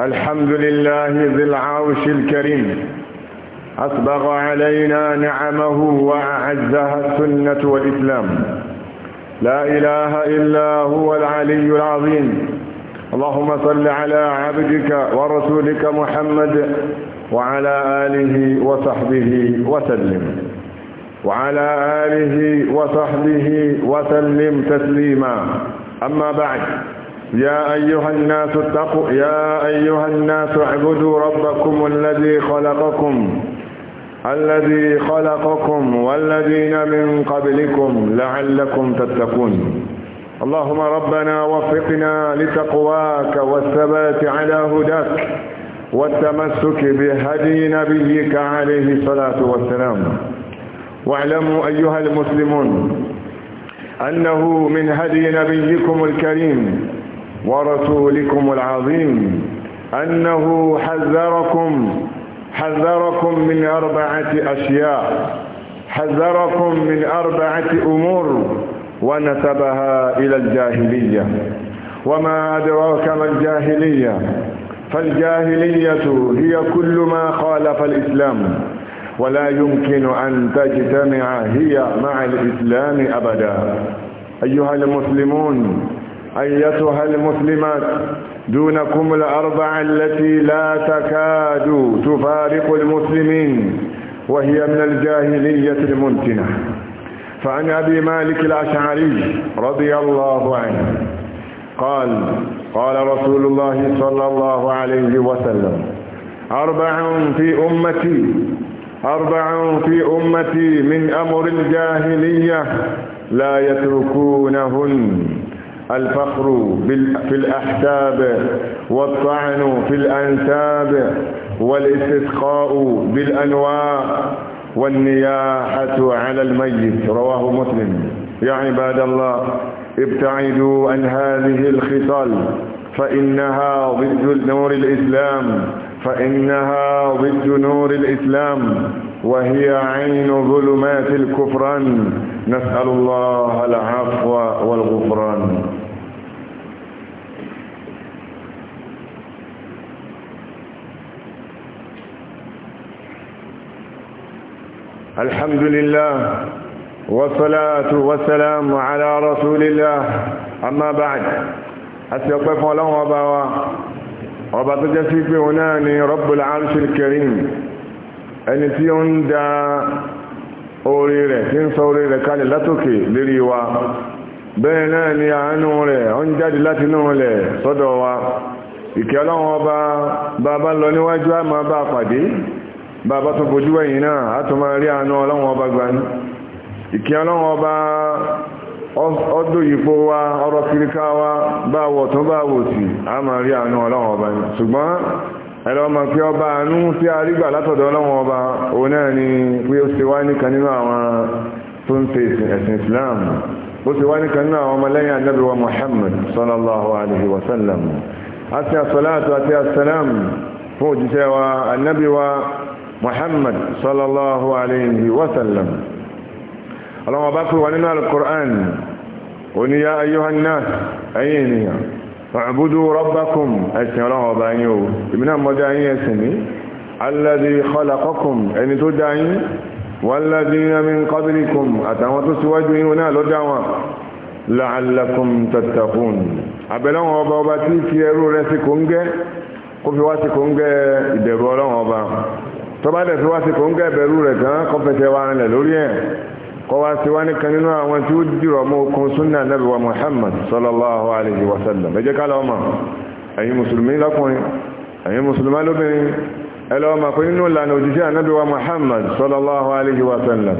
الحمد لله ذي العرش الكريم أسبغ علينا نعمه وأعزها السنة والإسلام لا إله إلا هو العلي العظيم اللهم صل على عبدك ورسولك محمد وعلى آله وصحبه وسلم وعلى آله وصحبه وسلم تسليما أما بعد يا أيها الناس اتقوا يا أيها الناس اعبدوا ربكم الذي خلقكم الذي خلقكم والذين من قبلكم لعلكم تتقون اللهم ربنا وفقنا لتقواك والثبات على هداك والتمسك بهدي نبيك عليه الصلاة والسلام واعلموا أيها المسلمون أنه من هدي نبيكم الكريم ورسولكم العظيم أنه حذركم حذركم من أربعة أشياء حذركم من أربعة أمور ونسبها إلى الجاهلية وما أدراك ما الجاهلية فالجاهلية هي كل ما خالف الإسلام ولا يمكن أن تجتمع هي مع الإسلام أبدا أيها المسلمون أيتها المسلمات دونكم الاربع التي لا تكاد تفارق المسلمين وهي من الجاهلية المنتنة فعن أبي مالك الأشعري رضي الله عنه قال قال رسول الله صلى الله عليه وسلم أربع في أمتي أربع في أمتي من أمر الجاهلية لا يتركونهن الفخر في الأحساب والطعن في الأنساب والاستسقاء بالأنواع والنياحة على الميت رواه مسلم يا عباد الله ابتعدوا عن هذه الخصال فإنها ضد نور الإسلام فإنها ضد نور الإسلام وهي عين ظلمات الكفران نسأل الله العفو والغفران الحمد لله والصلاة والسلام على رسول الله أما بعد أسيقف الله وباوا وبطجة في هناني رب العرش الكريم أن تيون دا orí rẹ̀ tí ń sọ orí rẹ̀ látòkè lérí wa bẹ́ẹ̀ náà ni àánú rẹ̀ ó ń jáde láti wa ìkẹ́ ọlọ́run ọba bàbá lọ níwájú á bá pàdé bàbá tó bojú ẹ̀yìn náà á tún máa rí àánú ọlọ́run ọba gbaní ìkẹ́ ọlọ́run ọba ọdún ẹlọ́mọ pé ọba àánú tí a rí gbà látọ̀dọ̀ ọlọ́wọ́n ọba òun náà ni pé ó ṣe wá nìkan nínú àwọn tó ń ṣe ẹ̀sìn Islam ó ṣe wá nìkan nínú àwọn ọmọlẹ́yìn Ànábì wa Muhammad sallallahu alaihi wasallam àti àsọ̀láàtù àti àsàlám fún òjíṣẹ́ wa Ànábì Muhammad sallallahu alaihi wasallam ọlọ́wọ́n ọba pè wá nínú al-Qur'an ya ayyuhan nas ènìyàn ọ̀bùdó rọ́bákùn ẹ̀sìn ọlọ́run ọba yín o èmi náà mọ́dá yín ẹ̀sìn ní alladhi khalaqakum ẹni tó dá yín walladhina min qablikum àtàwọn tó síwájú yín náà ló dá wọn la'allakum abẹ́lọ́run ọba ọba kọwa sí wá nìkan nínú àwọn tí ó dìrọ̀ mọ́ okun súnnà Nábì wa Muhammad sallallahu alaihi wasallam ẹjẹ́ ká lọ́mà ẹ̀yin musulmi lọ́kùnrin ẹ̀yin musulmi lóbìnrin ẹlọ́mà pé nínú ìlànà òjíṣẹ́ Nábì wa Muhammad sallallahu alaihi wasallam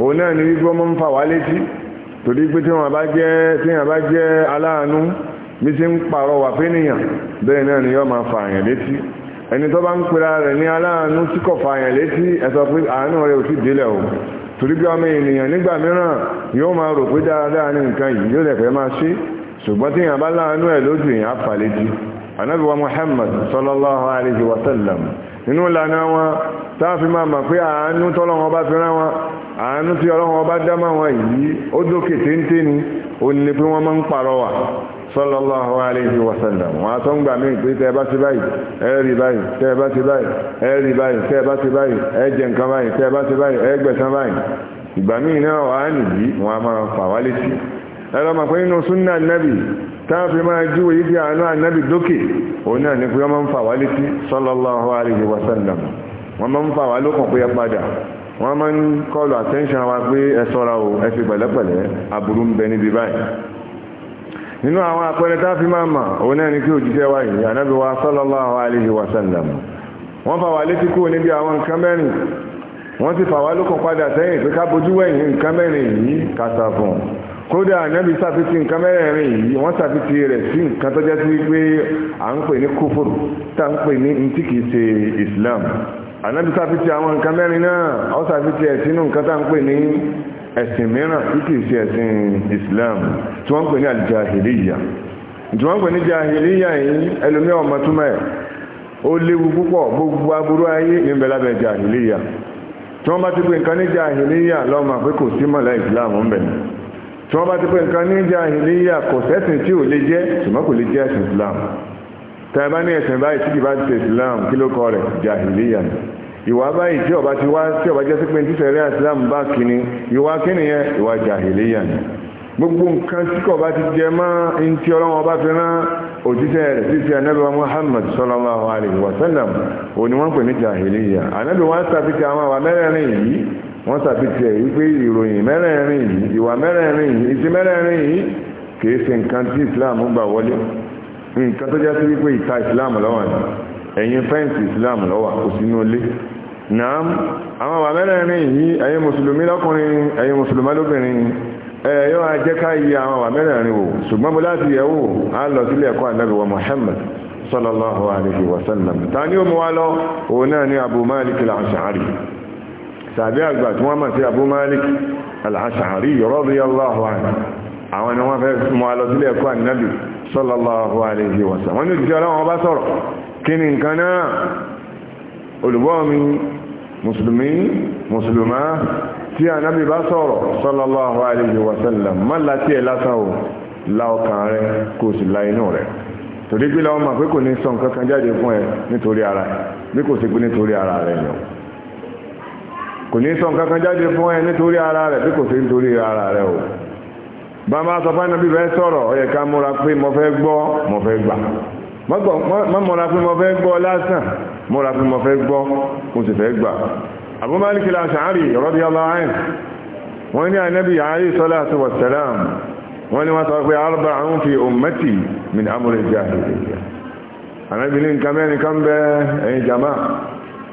o náà ni wípé wọ́n ń fà wá létí torí pé tí wọ́n bá jẹ́ aláàánú bí sí ń pàrọ̀ wà pé nìyàn bẹ́ẹ̀ náà ni yọ́ máa fà àyàn létí ẹni tó bá ń pera rẹ̀ ní aláàánú tí kò fà àyàn létí ẹ pé àánú rẹ̀ ò sí délẹ̀ o torí bí ọmọ ènìyàn nígbà mìíràn yóò máa rò pé dáadáa ní nǹkan yìí yóò lẹ̀fẹ́ máa ṣe ṣùgbọ́n tí èèyàn bá láàánú ẹ̀ lójú èèyàn àfàlejì ànábì Muhammad sallallahu alaihi wasallam sallam nínú ìlànà wọn táàfin máa mọ̀ pé àánú tọ́lọ́wọ́n bá fi rán wọn àánú ni ó ní pé sallallahu alayhi wa sallam wọn a tó ń gbà mí pé tẹ́ ẹ bá ti báyìí ẹ rí báyìí tẹ́ ẹ bá ti báyìí ẹ rí báyìí tẹ́ ẹ bá ti báyìí ẹ jẹ nǹkan báyìí tẹ́ ẹ bá ti báyìí ẹ gbẹ̀san báyìí ìgbà míì náà wà á nìyí wọn a máa fà wá létí ẹ lọ́mọ pé nínú súnà nẹ́bì táàfin máa júwe yìí wọ́n máa ń fà attention wa pé ẹ o ẹ pẹ̀lẹ́pẹ̀lẹ́ aburú ń bẹ níbi báyìí nínú àwọn àpẹẹrẹ tá fi máa mà òun náà ni kí òjíṣẹ́ wa yìí ànábì wa sallallahu alaihi wa sallam wọ́n fà wá létí kúrò níbi àwọn nǹkan mẹ́rin wọ́n ti fà wá lókun padà sẹ́yìn pé ká bojú wẹ̀yìn nǹkan mẹ́rin yìí kàtà fún kódà ànábì ẹ̀sìn mìíràn tí kìí ẹ̀sìn Islam tí wọ́n ń pè ní àjàhìlíyà tí wọ́n ń pè ní jàhìlíyà yìí ẹlòmí ọmọ túmọ̀ ẹ̀ ó léwu púpọ̀ gbogbo aburú ayé níbẹ̀ lábẹ́ tí wọ́n bá ti pè nǹkan ní jàhìlíyà lọ́mọ pé kò sí mọ̀lá Islam ń bẹ̀ tí wọ́n bá ti pè nǹkan ní jàhìlíyà kò sẹ́sìn tí ò lè jẹ́ ṣùgbọ́n kò lè jẹ́ ẹ̀sìn Islam tẹ́ ẹ bá ní ẹ̀sìn báyìí tí kì bá ti ṣe Islam kí ló kọ rẹ̀ jàhìlíyà ìwà báyìí tí ọba ti wá tí ọba jẹ́ sí pé títẹ̀ rẹ̀ islam bá kíni ìwà kíni yẹn ìwà jàhìlíyà ni gbogbo nǹkan tí kò bá ti jẹ mọ́ in tí ọlọ́wọ́ bá fi rán òjíṣẹ́ rẹ̀ sí ti anábíwá muhammad sallallahu alaihi wa sallam òní wọ́n pè ní jàhìlíyà anábí wọ́n sàfihàn àwọn àwa mẹ́rẹ̀ẹ̀rin yìí wọ́n sàfihàn wípé ìròyìn mẹ́rẹ̀ẹ̀rin yìí ìwà mẹ́rẹ̀ẹ̀rin yìí ìsí islam gbà wọlé nǹkan tó jẹ́ sí islam ló wà ẹ̀yìn fẹ́ǹsì islam ló wà kò naam àwọn bàbá mẹ́rẹ̀ẹ̀rin yìí ẹ̀yin mùsùlùmí lọ́kùnrin ẹ̀yin mùsùlùmá lóbìnrin ẹ̀yọ́ ajẹ́ká yìí àwọn bàbá mẹ́rẹ̀ẹ̀rin wò ṣùgbọ́n mo láti yẹ̀ wò á lọ sílé ẹ̀kọ́ Ànábì wa Muhammad sallallahu alayhi wa sallam ta ni ó mú olùgbọ́ mi mùsùlùmí mùsùlùmá tí ànábì bá sọ̀rọ̀ sallallahu alayhi wa sallam má la tí ẹ lásán o la ọkàn rẹ kò sì la inú rẹ torí pé làwọn máa pé kò ní sọ nǹkan kan jáde fún ẹ nítorí ara ẹ bí kò sí pé nítorí ara rẹ yàn kò ní sọ nǹkan kan jáde fún ẹ nítorí ara rẹ bí kò sí nítorí ara rẹ o bá máa sọ fún ànábì bẹ́ẹ̀ sọ̀rọ̀ ó yẹ ká múra pé mo fẹ́ gbọ́ mo fẹ́ gbà má múra pé mo fẹ́ gbọ́ lásán múra fún mọ́ fẹ́ gbọ́ mo sì fẹ́ gbà Abu Malik al-Ash'ari radiyallahu anhu wọ́n ní ànábì alayhi salatu wa salam wọ́n ní wọ́n sọ pé arba'un fi ummati min amri al-jahiliyya ànábì ní nǹkan mẹ́rin kan bẹ ẹ̀yin jama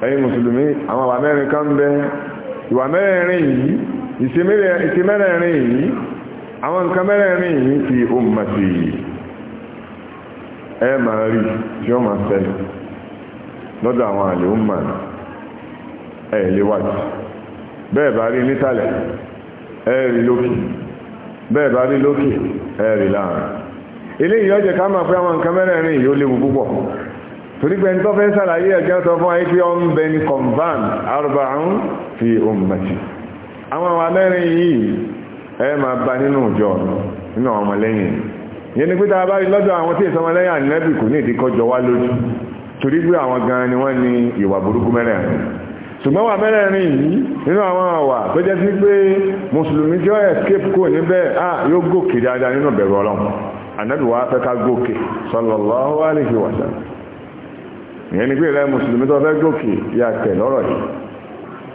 ẹ̀yin mùsùlùmí àwọn àwà mẹ́rin kan rí tí ó máa ṣẹlẹ̀ lọ́dọ̀ àwọn àlè ó bẹ́ẹ̀ bá rí nítàlẹ̀ ẹ̀ lókè bẹ́ẹ̀ bá rí lókè ẹ̀ láàrin ilé ìyọ́jẹ̀ ká máa pé àwọn nǹkan mẹ́rẹ̀ẹ̀rin yìí léwu púpọ̀ torí pé tó fẹ́ fún ayé pé bẹ ní kọ̀m̀bán arba'un fi àwọn àwọn amẹ́rin yìí ẹ máa nínú ìjọ nínú àwọn ọmọlẹ́yìn yẹn ni pé tá a bá rí lọ́dọ̀ àwọn tí torí pé àwọn gan ni wọ́n ní ìwà burúkú mẹ́rẹ̀ẹ̀rin ṣùgbọ́n wà mẹ́rẹ̀ẹ̀rin yìí nínú àwọn àwà tó jẹ́ sí pé mùsùlùmí tí ó escape kò níbẹ̀ à yóò gòkè dáadáa nínú bẹ̀rù ọlọ́run ànábì wa fẹ́ ká gòkè sallallahu alaihi wasallam ìyẹn ni pé ìrẹ́ mùsùlùmí tó fẹ́ gòkè yà tẹ̀ lọ́rọ̀ yìí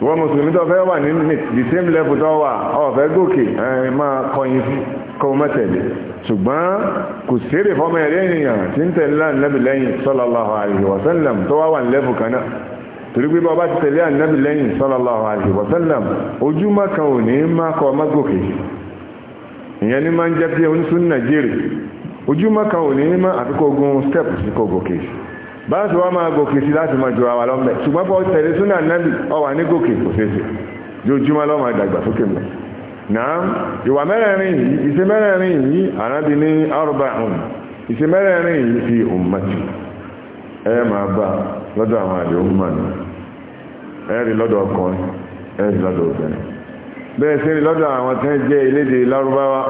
wọ́n mùsùlùmí tó fẹ́ wà ní the same level tó wà ó fẹ́ gòkè ẹ̀ máa kọyìn sí kọ́ mọ́ tẹ̀lé ṣùgbọ́n kò sèrè fọ́mọ ẹ̀rẹ́ ènìyàn tí ń tẹ̀lé ànábì lẹ́yìn sallallahu alaihi wa sallam tó wá wà lẹ́fù kan náà torí pé bọ́bá ti tẹ̀lé ànábì lẹ́yìn sallallahu alaihi wa sallam ojúmọ́ kan ò ní máa kọ́ mọ́gòkè ìyẹn ni máa ń jẹ́ pé ó ń sún nàìjíríà ojúmọ́ kan ò ní máa àfikọ́ ogun step naam ìwà mẹ́rẹ̀ẹ̀rin yìí ìṣe mẹ́rẹ̀ẹ̀rin yìí ànábi ní arba'un ìṣe mẹ́rẹ̀ẹ̀rin yìí fi ummati ẹ máa bá lọ́dọ̀ àwọn ni ẹ rí lọ́dọ̀ ọkùnrin ẹ rí lọ́dọ̀ obìnrin bẹ́ẹ̀ sí rí lọ́dọ̀ àwọn tẹ́ jẹ́ ilédè lárúbáwá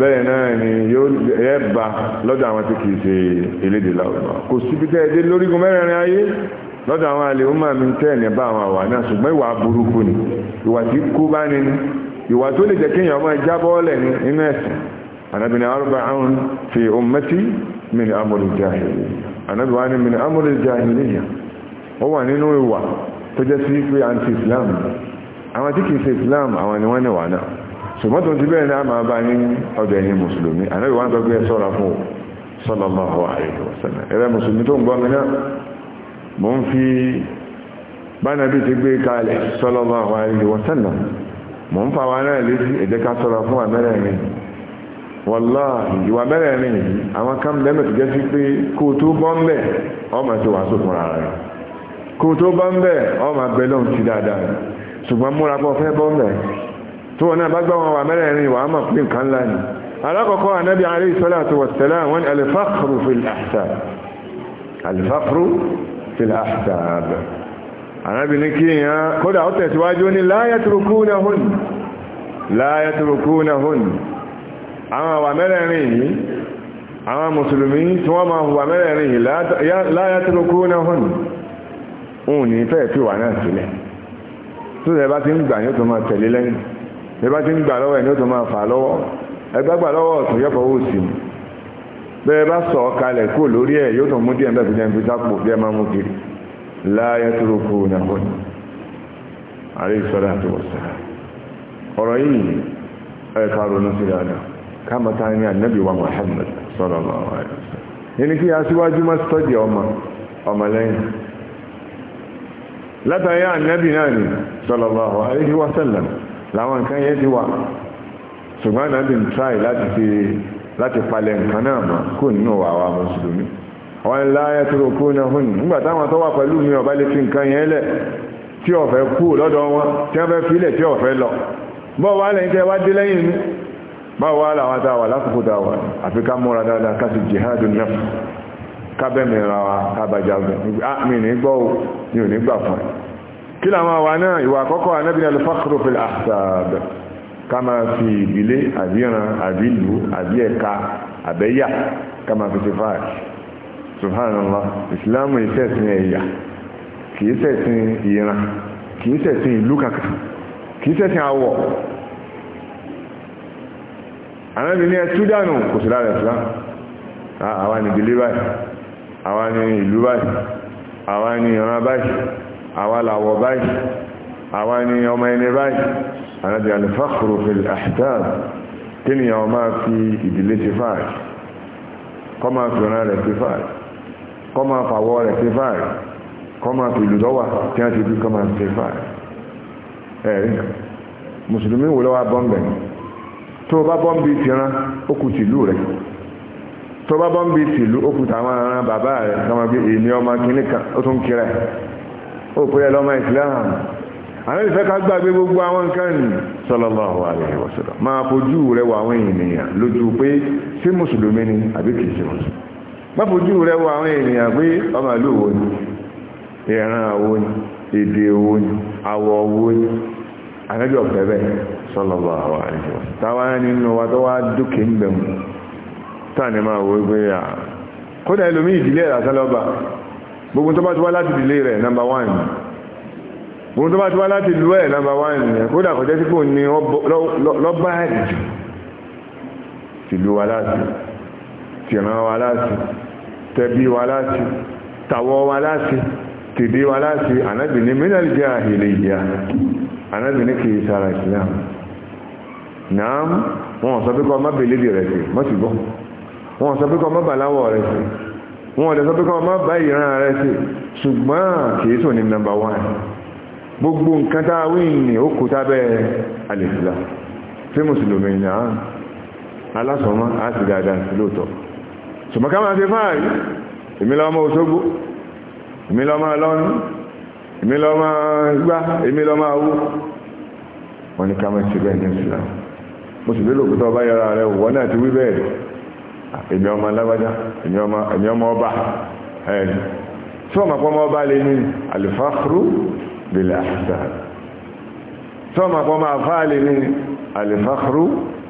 bẹ́ẹ̀ náà ni yóò ẹ bá lọ́dọ̀ àwọn tí kìí ṣe ilédè lárúbáwá kò síbi tẹ́ ẹ dé lórígun mẹ́rẹ̀ẹ̀rin ayé lọ́dọ̀ àwọn àlè ọmọ mi tẹ́ ẹ̀ ní bá àwọn ìwà tó lè jẹ́ kéèyàn máa jábọ́ọ̀lẹ̀ nínú ẹ̀sìn Ànábì ní arba'un fi ummati min amri jahiliya Ànábì wá ní min amri jahiliya ó wà nínú ìwà tó jẹ́ sí pé anti islam àwọn tí kìí ṣe islam àwọn ni wọ́n ní wà náà ṣùgbọ́n tó ti bẹ́ẹ̀ náà máa bá ní ọdọ̀ ẹ̀yìn mùsùlùmí Ànábì wá ń gbẹ́gbẹ́ sọ́ra fún gbé kalẹ̀ mọ̀ ń fa wa náà létí ẹ̀jẹ̀ ká sọ̀rọ̀ fún wa mẹ́rẹ̀ẹ̀rin wọ́lá ìwà mẹ́rẹ̀ẹ̀rin yìí àwọn kan lẹ́mẹ̀ tó jẹ́ sí pé kó tó bọ́ ń bẹ̀ ọmọ ti wà sókun ara rẹ̀ kó tó bọ́ ń bẹ̀ ọmọ abẹ́ lọ́hùn ti dáadáa ṣùgbọ́n múra pọ̀ fẹ́ bọ́ ń bẹ̀ tó wọn náà bá gbọ́ wọn wà mẹ́rẹ̀ẹ̀rin wà á mọ̀ pé nǹkan ńlá ni alákọ̀ọ́kọ́ anábì alayhi salatu wassalam wọn alifakuru fil ahsab alifakuru fil ahsab àrábì ní kí èèyàn kódà ó tẹ̀síwájú ní láyàtùrùkúnahùn láyàtùrùkúnahùn àwọn àwà mẹ́rẹ̀rin yìí àwọn mùsùlùmí tí wọ́n máa hùwà mẹ́rẹ̀rin yìí láyàtùrùkúnahùn òun ní fẹ́ fi wà náà sílẹ̀ tó rẹ̀ bá ti ń gbà ní ó tó máa tẹ̀lé lẹ́yìn rẹ̀ bá ti ń gbà lọ́wọ́ ẹ̀ ní ó tó máa fà lọ́wọ́ la yatrukunahun alayhi salatu wassalam ọ̀rọ̀ yìí ẹ̀ka ronú sí dáadáa káàmà tá ní ànábì wa Muhammad sallallahu alaihi wasallam yẹni kí aṣíwájú má sọ́jì ọmọ ọmọlẹ́yìn látàrí ànábì náà ni sallallahu alaihi wasallam láwọn nǹkan yẹn ti wà ṣùgbọ́n ànábì ń tráì láti palẹ̀ nǹkan náà mọ́ kò nínú wàwà mùsùlùmí wọ́n láyé tóró kú náà hùn nígbà táwọn tó wà pẹ̀lú mi ọ̀bá lè fi nǹkan yẹn lẹ̀ tí ọ̀fẹ́ kú lọ́dọ̀ wọn tí wọ́n fẹ́ filẹ̀ tí ọ̀fẹ́ lọ bọ́ wà lẹ́yìn tẹ́ wá dé lẹ́yìn mi bá wà láwọn tá a wà lásìkò tá a wà àfi ká múra dáadáa ká sì jihadu náà kábẹ́ mi ra wa kábàjá ah, mi ní gbọ́ o mi ò ní gbà fún ẹ kí làwọn àwa náà ìwà àkọ́kọ́ anábìnrin alifákòrò fil ahsab ká máa fi ìdílé àbíran àbílù àbí ẹ̀ka àbẹ́yà ká máa fi ṣe fáàkì subhanallah ìsìláàmù ìṣẹ̀sìn ẹ̀yà kìí ṣẹ̀sìn ìran kìí ṣẹ̀sìn ìlú kankan kìí ṣẹ̀sìn àwọ̀ àrẹ́bìn ní ẹtú dànù kò sí lára ìsìláàmù àwa ni ìdílé báyìí àwa ni ìlú báyìí àwa ni ìran báyìí àwa làwọ̀ báyìí àwa ni ọmọ ẹni báyìí àrẹ́bìn alifakuru fil ahzab kí ni àwọn máa fi ìdílé ti fáàrí kọ́ máa fi ọ̀nà rẹ̀ ti fáàrí kọ́ máa fàwọ́ rẹ̀ ṣe fáàrí kọ́ máa ìlú dọ́wà tí a ti fi kọ́ máa ṣe fáàrí ẹ̀rí mùsùlùmí wò lọ́wọ́ bọ́m̀bẹ̀ tó bá bọ́m̀bì tìran ó kù tìlú rẹ̀ tó bá bọ́m̀bì tìlú ó kù tàwọn ará bàbá rẹ̀ kọ́mọ bí èmi ọmọ kìíní kan ó tún kíra ó pé ẹ lọ́mọ ìsìláàmù àwọn ìfẹ́ ká gbàgbé gbogbo àwọn nǹkan ní sallallahu alaihi wasallam máa fojú rẹ̀ wà àwọn ènìyàn lójú pé ṣé mùsùlùmí ni àbí kìí ṣe mùsùlùmí mọ́fojú rẹ̀ wọ àwọn ènìyàn pé ọmọ ìlú wo ni ìran wo ni èdè wo ni àwọ̀ wo ni àrẹ́jọ pẹ̀lẹ̀ sọ́lọ̀bọ̀ àwọn àjọ táwa nínú wa tó wá dúkè ń bẹ̀mù tàní máa wo gbé à kódà ìlú mi ìdílé rà sálọ́bà gbogbo tó bá ti wá láti ìdílé rẹ̀ nàmbà wá láti kódà kọjá sí kò ní lọ́bà àdìjù tìlú wa láti tìran wa láti tẹbí wa láti tàwọ wa láti tìdí wa láti ànábì ní mílẹ̀lì jẹ́ àhìlẹ̀ ìyá ànábì ní kìí sára islam náà wọn sọ pé kọ́ má bèlédì rẹ̀ sí mọ́ sí gbọ́ wọn sọ pé kọ́ má bàláwọ̀ rẹ̀ sí wọn ò lè sọ pé kọ́ má bá ìran rẹ̀ sí ṣùgbọ́n kìí sọ ní nọ́mbà wán gbogbo nǹkan tá a wíìn ní ó kú tábẹ́ alìsílá mùsùlùmí náà alásọ̀mọ́ á sì dáadáa lóòótọ́ ṣùgbọ́n ká máa fi fáàrí èmi lọ́mọ Òṣogbo èmi lọ́mọ lọ́nù èmi lọ́mọ gbá èmi lọ́mọ awó wọ́n ní ká máa ṣe bẹ́ẹ̀ ní Islam mo sì lérò pé tó bá yára rẹ wọ́n náà ti wí bẹ́ẹ̀ èmi ọmọ máa pọ́ lè ní alifáfúrú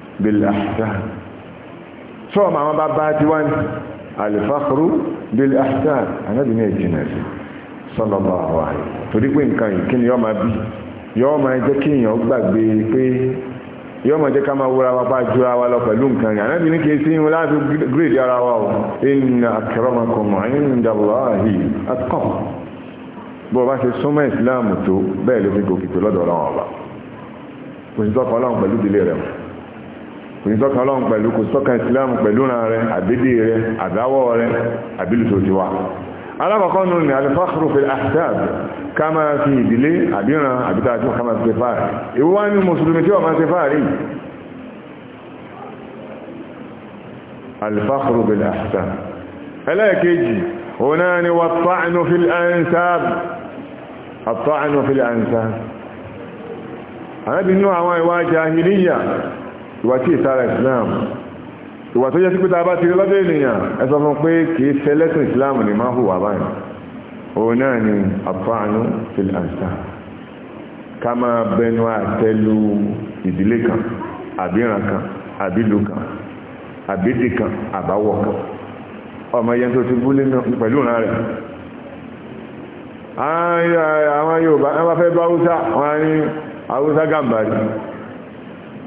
bèlè sọ́ọ̀mù àwọn bàbá ti wá ní alifakuru bil ahsan anábì ní ìjìnà sí sọ́lọ́bà wà torí pé nǹkan ìkíni yọ́ máa bí yọ́ máa jẹ́ kí èèyàn gbàgbé pé yọ́ máa jẹ́ ká máa wúra wa bá jura wa lọ pẹ̀lú nǹkan rẹ̀ anábì ní kìí sí ìwọ̀n láti gírèdì ara wa o inna akramakum inda Allahi atqakum bó o bá ṣe súnmọ́ ìsìláàmù tó bẹ́ẹ̀ ló fi gòkè pẹ̀lú ọ̀dọ̀ ọlọ́run ọba òṣìṣẹ́ ọkọ̀ ọlọ́run pẹ̀lú ìdílé rẹ̀ mọ́ kò ní sọ́kàn ọlọ́run pẹ̀lú kò sọ́kàn ìsìláàmù pẹ̀lú ran rẹ àbídí rẹ àdáwọ̀ rẹ àbílùsò ti wà alákọ̀ọ́kọ́ nù ní alifáàkùrù fil ahzab ká máa fi ìdílé àbíran àbítàjú ká máa fi fáàrí ìwọ wá ní mùsùlùmí tí wọ́n máa fi fáàrí alifáàkùrù ìwà tí islam ìwà tó jẹ́ sí pé tá a bá ti rí lọ́dọ̀ ènìyàn ẹ sọ fún pé kìí ṣe lẹ́sìn islam ní máa hùwà báyìí òun náà ni àfáànú fil ansa ká máa bẹnu àtẹ́lu ìdílé kan àbíran kan àbílù kan àbídì kan àbáwọ̀ kan ọmọ yẹn tó ti búlé pẹ̀lú ìran rẹ̀ àwọn Yorùbá bá fẹ́ bá Haúsá wọn ní Haúsá gàmbàrí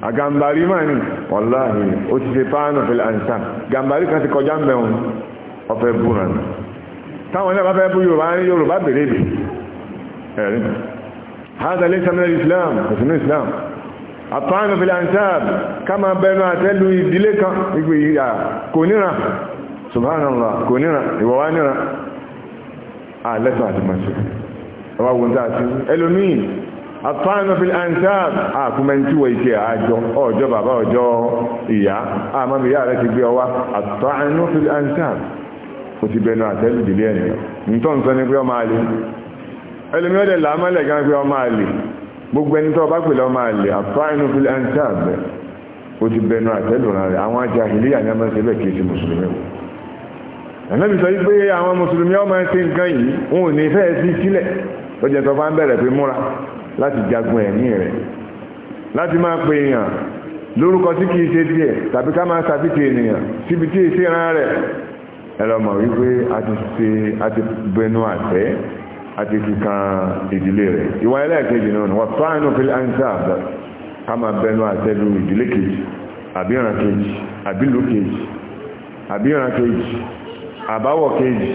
àgàmbàrí máa ní wàláhì ó ti ṣe páánù pẹ̀lú àǹsà gàmbàrí kan ti kọjá mẹ́un ọ̀fẹ́ búra nù táwọn ilẹ̀ bá fẹ́ bú yorùbá ní yorùbá bèrè bè ẹ̀rí hádàlé samuel islam òsìnú islam àpáánù pẹ̀lú àǹsà ká máa bẹnu àtẹ́lu ìdílé kan ìgbè ìyà kò níra subhanallah kò níra ìwọ̀wá níra àlẹ́sàn àti màṣẹ ẹlòmíì àfáànà fi àǹtàb àkúmẹ́ntíwọ̀ ìṣẹ́ àjọ ọjọ́ bàbá ọjọ́ ìyá àmàbí yára ti gbé ọwá àfáànà fi àǹtàb ó ti bẹnu àtẹ́lù dìlé ẹ̀nìyàn nítọ́n sọ ní pé ọmọ àlè ẹlòmí ọdẹ làmọ́lẹ̀ gan pé ọmọ àlè gbogbo ẹni tó bá pèlè ọmọ àlè àfáànà fi àǹtàb ó ti bẹnu àtẹ́lù rẹ̀ àwọn ajá ilé àyàmọ́sẹ̀lẹ̀ kìí ṣe mùsùlùmí ẹ̀nàbì sọ wípé àwọn mùsùlùmí ọmọ ẹ̀sìn nǹkan yìí wọn ò ní fẹ́ẹ̀ sí sílẹ̀ lọ́jọ́ tó bá ń bẹ̀rẹ̀ pé múra láti jagun ẹ̀mí rẹ̀ láti máa pe èèyàn lórúkọ tí kìí ṣe díẹ̀ tàbí ká máa sàbítì ènìyàn síbi tí èsì ran rẹ̀ ẹlọ́mọ̀ wípé a ti ṣe a ti bẹnu àtẹ́ a ti fi kan ìdílé rẹ̀ ìwà ẹlẹ́ẹ̀kejì náà wọ́n fáánù fi àǹtà àbá ká máa bẹnu àtẹ́ lu ìdílé kejì àbí ìran kejì àbí ìlú kejì àbí ìran kejì àbáwọ̀ kejì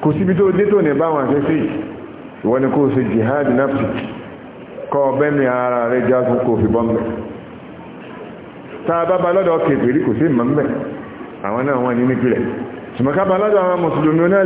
kò síbi tó dé tó báwọn àṣẹ sí ìwọ́n ni kó ṣe jihad nafsi kọ́ bẹ́ni ara rẹ̀ jágún kò fi bọ́m̀bẹ̀ tàà bá bá lọ́dọ̀ kèfèrí kò sí mọ́m̀bẹ̀ àwọn náà wọ́n ní nípìlẹ̀ ṣùmọ́ká bá lọ́dọ̀ àwọn mùsùlùmí náà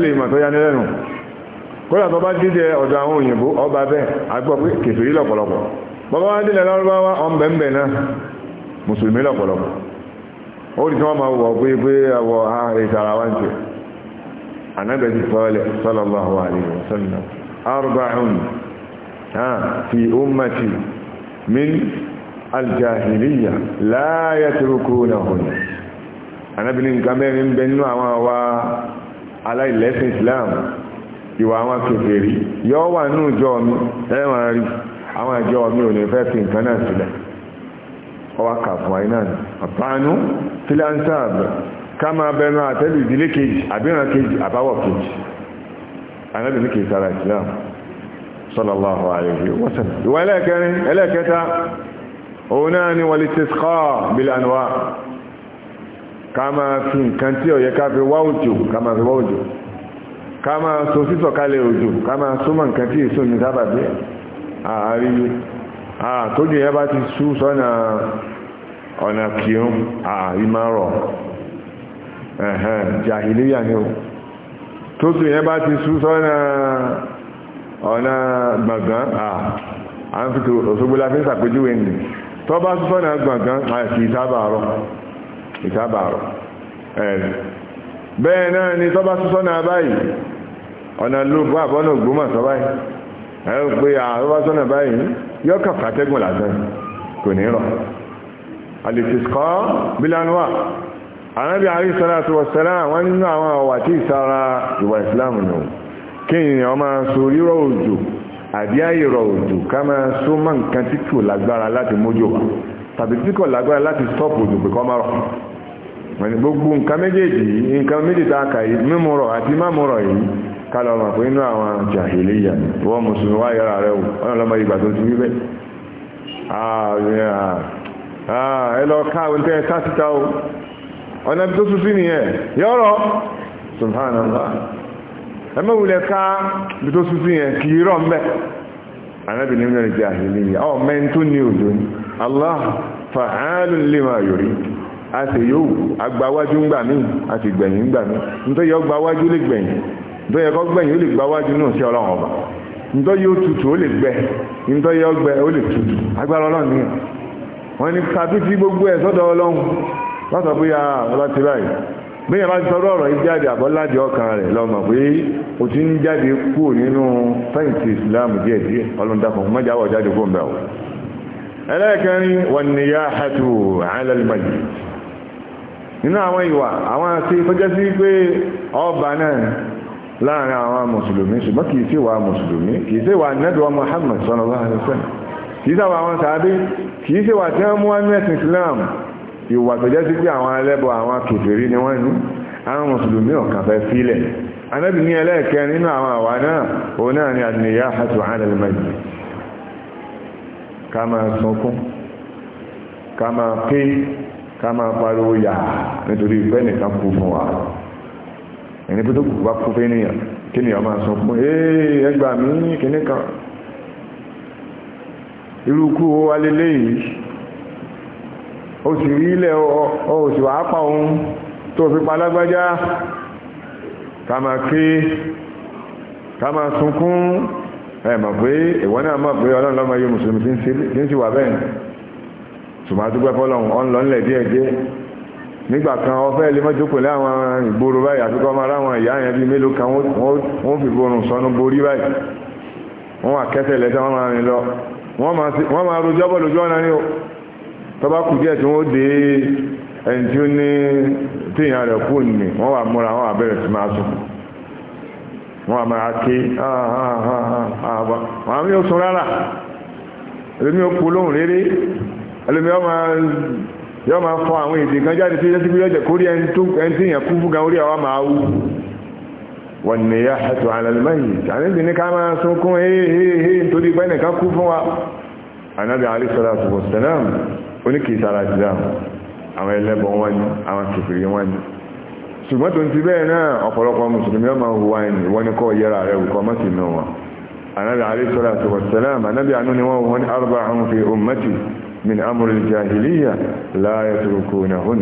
lè sallallahu alaihi wasallam arba'un fi ummati min aljahiliya la yatrukunahunna Ànábì ní nǹkan mẹ́rin bẹ nínú àwọn àwa aláìlẹ́sìn Islam ìwà àwọn kèfèrí yọ́ wà ní ìjọ mi ẹwọ̀n rí àwọn ìjọ mi ò ní fẹ́ fi nǹkan náà sílẹ̀ ọwá kàfún àìná àpánú filansáàbù ká máa bẹnu àtẹ́lù ìdílé kejì àbíran kejì àbáwọ̀ kejì anábì ní kìí sára islam sallallahu alayhi wa sallam ìwà ẹlẹ́ẹ̀kẹrin ẹlẹ́ẹ̀kẹta òun náà ni wal istisqa bil anwa ká máa fi nǹkan tí ó yẹ ká fi wá òjò ká máa fi wá òjò ká máa so sísọ̀ kalẹ̀ òjò ká máa súnmọ́ nǹkan tí èso ní sábàbí àárí àtójú yẹn bá ti sú sọ́nà ọ̀nà kìí àárí máa rọ̀ tó tún yẹn bá ti sú sọ́nà ọ̀nà gbọ̀ngán à ń fi la fi ń sàpéjúwe nì tó bá sú sọ́nà gbọ̀ngán àti ìsábàárọ̀ bẹ́ẹ̀ náà ni tó bá sú sọ́nà báyìí ọ̀nà lóògbó àbọ́nà báyìí anábì àríṣọ́láàtù wọ̀sẹ̀lá wọ́n nínú àwọn ọ̀wà tí ìsára ìwà ìsìláàmù nù kí ènìyàn máa so rírọ̀ òjò àbí àìrọ̀ òjò ká máa so mọ́ nǹkan tí kò lágbára láti mójò wá tàbí tí kò lágbára láti stop òjò pẹ̀kọ́ márọ̀ wọ́n gbogbo nǹkan méjèèjì nǹkan méjèèjì a ká ọ̀nà tó tún nìyẹn yọ́rọ̀ subhanallah ẹmẹ́wulẹ̀ ká bí tó tún yẹn kì í rọ̀ mbẹ́ anábìnrin mẹ́rin jẹ́ àhìlíyà ọ̀ ni ní òjò ní Allah fa'alun lima yuri a ti yóò agbáwájú ń gbà mí àti gbẹ̀yìn ń gbà mí nítorí yọ gbáwájú lè gbẹ̀yìn nítorí yọ gbẹ̀yìn ó lè náà sí ọlọ́run ọba nítorí yóò tutù ó lè gbẹ nítorí yọ ó lè tutù agbára ọlọ́run ni. wọ́n ní tàbí gbogbo ẹ̀ sọ́dọ̀ lọ́sọ̀ bóyá ọlọ́tí báyìí bóyá bá sọ ọ̀rọ̀ yìí jáde àbọ́lájì ọkàn rẹ̀ lọ́mọ pé o ti ń jáde kú nínú fẹ́ǹtì ìsìláàmù díẹ̀ díẹ̀ ọlọ́ndàkùn mọ́jáwọ̀ jáde kó ń bẹ̀ ọ́ ẹlẹ́ẹ̀kẹrin wọn ni yá hàtù àálẹ́lẹ́mọ̀jì nínú àwọn ìwà àwọn àti ìfọ́jẹ́ sí pé ọba náà láàrin àwọn mùsùlùmí ṣùgbọ́n kìí ìwà tó jẹ́ sí pé àwọn ẹlẹ́bọ àwọn kèfèrí ni wọ́n ní àwọn mùsùlùmí ọ̀kan fẹ́ sílẹ̀ anábì ní ẹlẹ́ẹ̀kẹ́ nínú àwọn àwa náà òun náà ni àdìníyà àti àdàlùmọ̀jì ká máa sunkún ká máa pé ká máa pariwo yà nítorí ìfẹ́ nìkan kú fún wálé léyìí ó sì rí ilẹ̀ oṣù àápa ohun tó fi palágbájá kàmà ké kàmà sunkún ẹ̀mọ̀ pé ìwọ́n náà mọ̀ pé ọlọ́run lọ́mọ yóò mùsùlùmí tí ń sì wà bẹ́ẹ̀ ṣùgbọ́n dúpẹ́ fọ́lọ́run ọ̀n lọ́nlẹ̀ díẹ̀ díẹ̀ nígbà kan ọfẹ́ ilé mọ́tò pẹ̀lú àwọn ìgboro báyìí àti kọ́ máa ráwọn ìyá yẹn bíi mélòó kan wọ́n fi borun sọnù borí báyìí wọ́n wà kẹ́sẹ̀ lẹ́sẹ̀ máa rìn lójú ọ̀nà ni o tọ́bá kù díẹ̀ tí wọ́n dé ẹni tí ó ní tíyàn rẹ̀ kú ní wọ́n wà múra wọ́n wà bẹ̀rẹ̀ sí máa sùn wọ́n wà máa ké àwọn àmì ó sùn rárá ẹlòmí ó polóhùn rere ẹlòmí yọ́ máa fọ àwọn èdè kan jáde tí yẹ́sí gbéyàjẹ̀ kórí ẹni tí èèyàn kú fún gan orí àwa máa wú wọ́n ni yá ẹ̀tọ́ alẹ́lẹ́mẹ́yìn àníbi ní ká máa sunkún hé hé nítorí pẹ́ẹ́nì kan kú fún wa anábì alẹ́sọ́lá sọ̀rọ̀ sẹ́lẹ̀mù oníkìí sára islam àwọn ẹlẹ́bọ wọn ni àwọn kèfèrí wọn ni ṣùgbọ́n tó ń ti bẹ́ẹ̀ náà ọ̀pọ̀lọpọ̀ mùsùlùmí ọmọ òhùwà ẹni wọ́n ní kọ́ yẹra rẹ̀ wùkọ́ mọ́sí náà wọn anábì àríṣọ́lá tó wọ̀sẹ̀lẹ́m anábì àánú ni wọ́n wọ́n ní arba àwọn fi ummati min amúrí jahiliya láàyè tó kò náà hún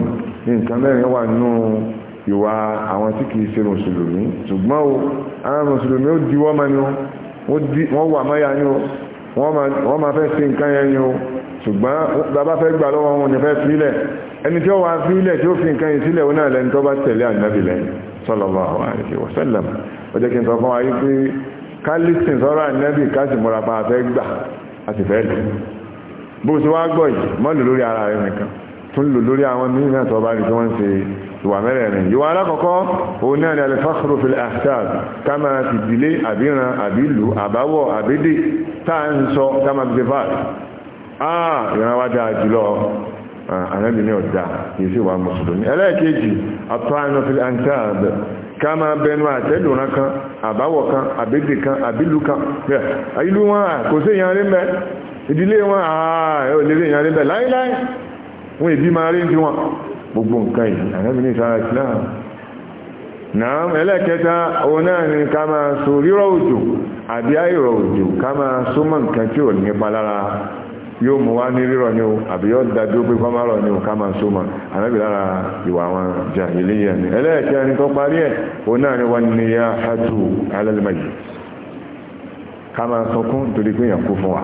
ní ó wọ́n máa fẹ́ sí nǹkan yẹn yìí o ṣùgbọ́n bàbá fẹ́ gbà lọ́wọ́ wọn ni fẹ́ sílẹ̀ ẹni tí ó wà sílẹ̀ tí ó fi nǹkan yìí sílẹ̀ onáà lẹ́ni tó bá tẹ̀lé ànábì lẹ́yìn sallallahu alaihi wasallam ó jẹ́ kí n sọ fún wa yí pé ká lísìn sọ́rọ̀ ànábì ká sì múra pa àfẹ́ gbà a sì fẹ́ lò bó ṣe wá gbọ́ yìí mọ́ lò lórí ara rẹ̀ nìkan tún lò lórí àwọn míì náà tó ìwà mẹ́rẹ̀ẹ̀rin ìwà alákọ̀ọ́kọ́ òun náà ni alifásoro fi ahsab ká máa ti dìlé àbíran àbílù àbáwọ̀ àbídè táà ń sọ ká máa fi fà áà ìran wá dáa jùlọ ànábì ní ọ̀dá yìí sí wà mùsùlùmí ẹlẹ́ẹ̀kejì àtọ́ànà fi ahsab ká máa bẹnu àtẹ́lùran kan àbáwọ̀ kan àbídè kan àbílù kan ìlú wọn kò sí gbogbo nǹkan yìí ànábì ní ìsára islam náà ẹlẹ́kẹta òun náà ni ká máa so rírọ̀ òjò àbí àìrọ̀ òjò ká máa so mọ́ nǹkan tí ò nípa lára yóò mú wá ní rírọ̀ ní o àbí yóò dájú pé kọ́ máa rọ̀ ní o ká máa so mọ́ ànábì lára ìwà àwọn jàhílíyà ni ẹlẹ́kẹrin tó parí ẹ̀ òun náà ni wọ́n ní yá hátù alẹ́lẹ́mẹ́yì ká máa sọkún torí pé èèyàn kú fún wa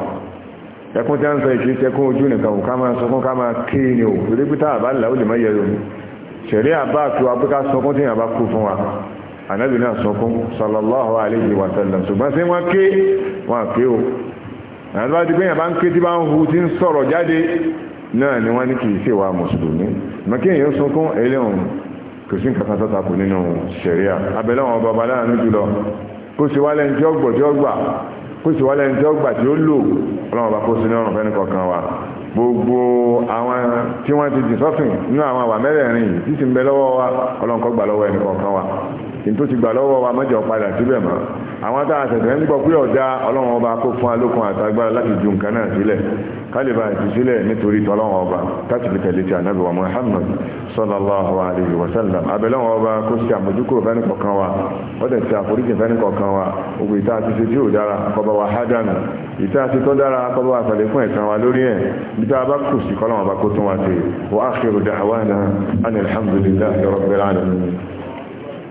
ẹkún tí a ń sọ ìkí tẹkún ojú nìkan ò ká máa sọkún ká máa ké ní ò torí pé táàbá ńlá ó lè má yẹrọ ṣẹ̀rí àbá àti wàpé ká sọkún tí yàn bá kú fún wa ànábì náà sọkún sallallahu alayhi wa sallam ṣùgbọ́n sí wọ́n ké wọ́n ké o àdúrà ti pé yàn ń ké tí bá ń hu tí ń sọ̀rọ̀ jáde náà ni wọ́n ní kì í ṣe wa mùsùlùmí mọ́kí èèyàn sọkún eléhùn kò sí nǹkan kan tó takò nínú ṣẹ̀rí à abẹ́lẹ́ wọn bàbá jùlọ kó ṣe wálẹ̀ ní tí kó sì wálẹ̀ ní tí ó gbà tí ó lò ọlọ́run bá kó sí ní fẹ́ni kọ̀ọ̀kan wa gbogbo àwọn tí wọ́n ti dì sọ́fìn nínú àwọn àwà mẹ́rẹ̀ẹ̀rin yìí tí sì ń bẹ lọ́wọ́ wa ọlọ́run kó gbà lọ́wọ́ ẹnì kọ̀ọ̀kan wa kí n gbà lọ́wọ́ wa mọ́jọ padà síbẹ̀ mọ́ àwọn tá a ṣẹ̀ṣẹ̀ ń gbọ́ pé ọ̀dá ọlọ́run ọba kó fún alókun àtagbára láti ju nǹkan náà sílẹ̀ kálíbà ti sílẹ̀ nítorí tọ́lọ́run ọba láti fi tẹ̀lé ti ànábì wa Muhammad sallallahu alayhi wa sallam abẹ́lẹ́wọ̀n ọba kó ṣe àmójúkúrò fẹ́ni kọ̀ọ̀kan wa ó dẹ̀ ṣe àforíjì fẹ́ni kọ̀ọ̀kan wa ògbè tá a ṣe tí ò dára kọba wa hádànù ìta ti tọ́ dára kọba wa sàlẹ̀ fún ẹ̀san wa lórí ẹ̀ bí bá kù sí kọ́lọ́run ọba kó tún wa ṣe wa akhiru da'wana anil hamdulillahi rabbil alamin